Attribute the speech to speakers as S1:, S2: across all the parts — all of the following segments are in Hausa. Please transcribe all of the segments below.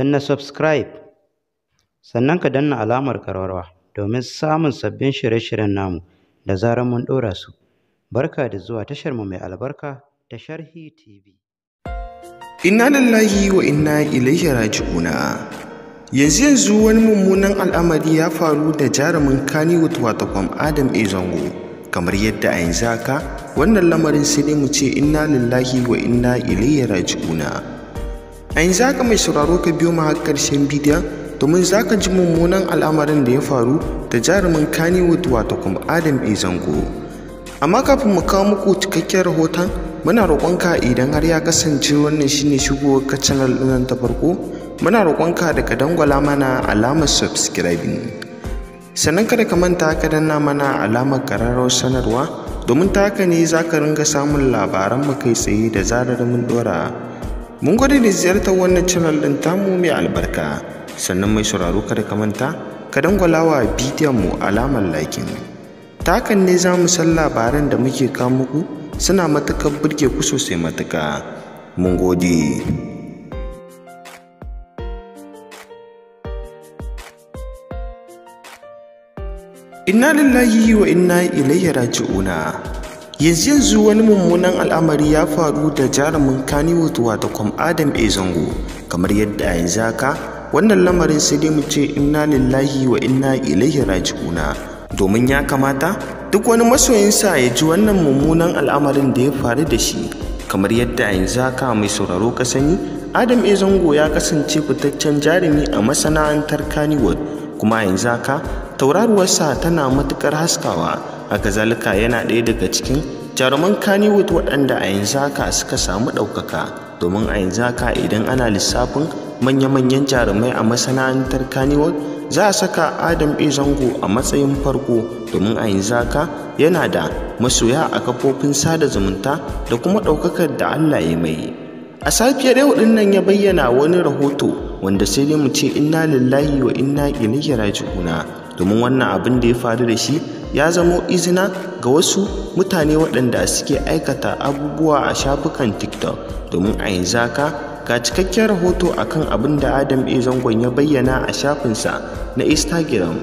S1: na subscribe sannan ka danna alamar karwarwa domin samun sabbin shirye-shiryen namu da zarar mun ɗora su barka da zuwa tashar mu mai albarka ta sharhi tv inna lillahi wa inna ilaihi raji'una yanzu yanzu wani mummunan al'amari ya faru da jarumin kani wato kwam adam a zango kamar yadda a yanzu haka wannan lamarin sai mu ce inna lillahi wa inna ilaihi raji'una a yanzu ka mai sauraro ka biyo ma karshen ƙarshen bidiyon domin za ka ji mummunan al'amarin da ya faru da jarumin kaniwood wato kuma Adam A. Zango. Amma kafin mu kawo muku cikakken rahoton muna roƙonka idan har ya kasance wannan shine shigowar ka canal ɗin ta farko muna roƙonka da ka dangwala mana alamar subscribing sannan kada ka manta ka danna mana alamar ƙararrawar sanarwa domin ta haka ne za ka ringa samun labaran mu kai tsaye da zarar mun ɗora mun gwada da ziyartar wannan channel din tamu mai albarka sannan mai sauraro kada ka manta ka dangwala wa bidiyon mu alamar likin ta hakan ne za mu san labaran da muke kawo muku suna matukar burge ku sosai matuka mun gode inna lillahi wa inna ilaihi raji'una yanzu yanzu wani mummunan al'amari ya faru da jarumin kaniwood wato kwam adam a zango kamar yadda a yanzu haka wannan lamarin sai dai mu ce inna lillahi wa inna ilaihi raji'una domin ya kamata duk wani masoyin sa ya ji wannan mummunan al'amarin da ya faru da shi kamar yadda a yanzu haka mai sauraro ka sani adam a zango ya kasance fitaccen jarumi a masana'antar kaniwood kuma yanzu haka tauraruwarsa tana matukar haskawa a gazalika yana ɗaya daga cikin jaruman Kannywood waɗanda a yanzu haka suka samu ɗaukaka domin a yanzu haka idan ana lissafin manya-manyan jarumai a masana'antar Kannywood za a saka Adam e Zango a matsayin farko domin a yanzu haka yana da masoya a kafofin sada zumunta da kuma ɗaukakar da Allah ya mai. A safiyar yau ɗin nan ya bayyana wani rahoto wanda sai dai mu ce inna lillahi wa inna ilaihi raji'una domin wannan abin da ya faru da shi ya zamo izina ga wasu mutane waɗanda suke aikata abubuwa a shafukan tiktok domin a yanzu haka ga cikakken rahoto a kan abin da adam a zangon ya bayyana a shafinsa na instagram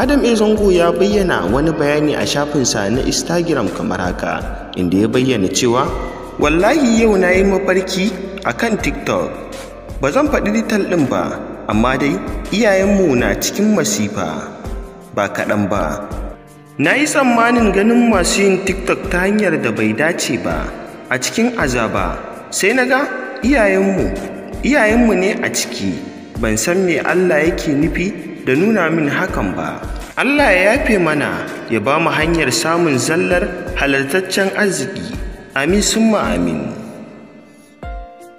S1: adam a zango ya bayyana wani bayani a shafinsa na instagram kamar haka inda ya bayyana cewa wallahi yau na yi mafarki kan tiktok ba zan faɗi lital ɗin ba amma dai iyayenmu na cikin masifa ba kaɗan ba na yi tsammanin ganin masu yin tiktok ta hanyar da bai dace ba a cikin azaba sai na ga iyayenmu iyayenmu ne a ciki ban san me allah yake nufi da nuna min hakan ba allah ya yafe mana ya ba mu hanyar samun zallar halartaccen arziki amin summa amin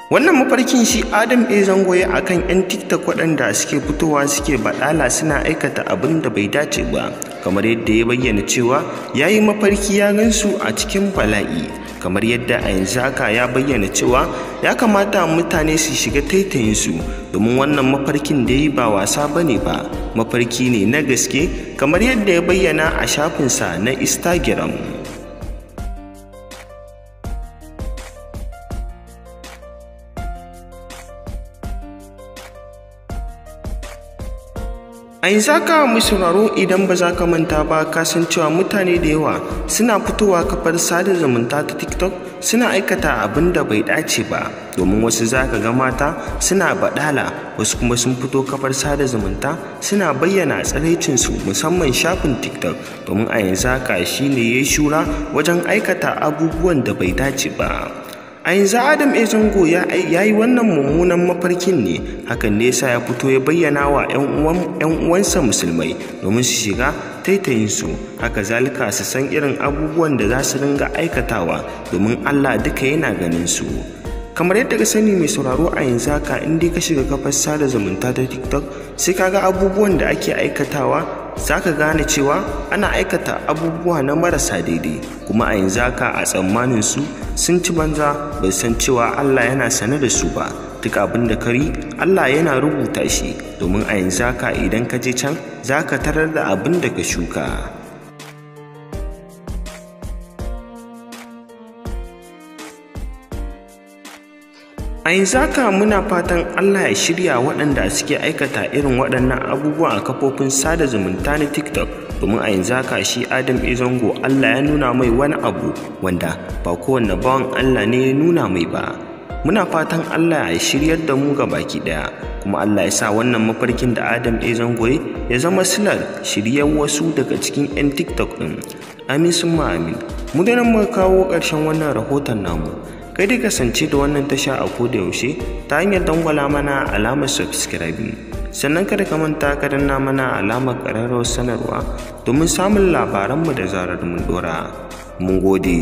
S1: wannan mafarkin shi adam a zangoye a kan 'yan tiktok waɗanda suke fitowa suke baɗala suna aikata abin da bai dace ba kamar yadda ya bayyana cewa ya yi mafarki ya gansu a cikin bala'i kamar yadda a yanzu haka ya bayyana cewa ya kamata mutane su shiga taitayinsu domin wannan mafarkin da yi ba wasa ba ne ba mafarki ne na gaske kamar yadda ya bayyana a shafinsa na instagram a yi ka mu sauraro idan ba za ka manta ba ka san cewa mutane da yawa suna fitowa kafar sada zumunta ta TikTok suna aikata abin da bai dace ba domin wasu za ka ga mata suna baɗala wasu kuma sun fito kafar sada zumunta suna bayyana tsaraicinsu musamman shafin TikTok domin a yanzu haka shine ya shura wajen aikata abubuwan da bai dace ba. a yanzu adam zango ya yi wannan mummunan mafarkin ne hakan nesa ya fito ya bayyana wa 'yan uwansa musulmai domin su shiga taitayinsu haka zalika su san irin abubuwan da za su ringa aikatawa domin allah duka yana ganin su kamar yadda ka sani mai sauraro a yanzu haka in dai ka shiga kafar sada zumunta ta tiktok sai ka ga abubuwan da ake aikatawa za ka gane cewa ana aikata abubuwa na marasa daidai kuma a yanzu haka a tsammanin su sun ci banza bai san cewa allah yana sane da su ba duk abin da kari allah yana rubuta shi domin a yanzu haka idan ka je can za ka tarar da abin da ka shuka a yanzu muna fatan allah ya shirya waɗanda suke aikata irin waɗannan abubuwa a kafofin sada zumunta na tiktok domin a yanzu shi adam izango e. allah ya nuna mai wani abu wanda ba kowanne bawan allah ne ya nuna mai ba muna fatan allah ya shiryar da mu ga baki ɗaya kuma allah ya sa wannan mafarkin da adam izango e. ya zama silar shiryar wasu daga cikin 'yan tiktok ɗin amin sun amin mu da nan muka kawo ƙarshen wannan rahoton namu kai dai kasance da wannan tasha a koda yaushe ta hanyar dangwala mana alamar subscribe sannan kada ka manta ka danna mana alamar ƙararrawar sanarwa domin samun labaranmu da zarar mun dora mun gode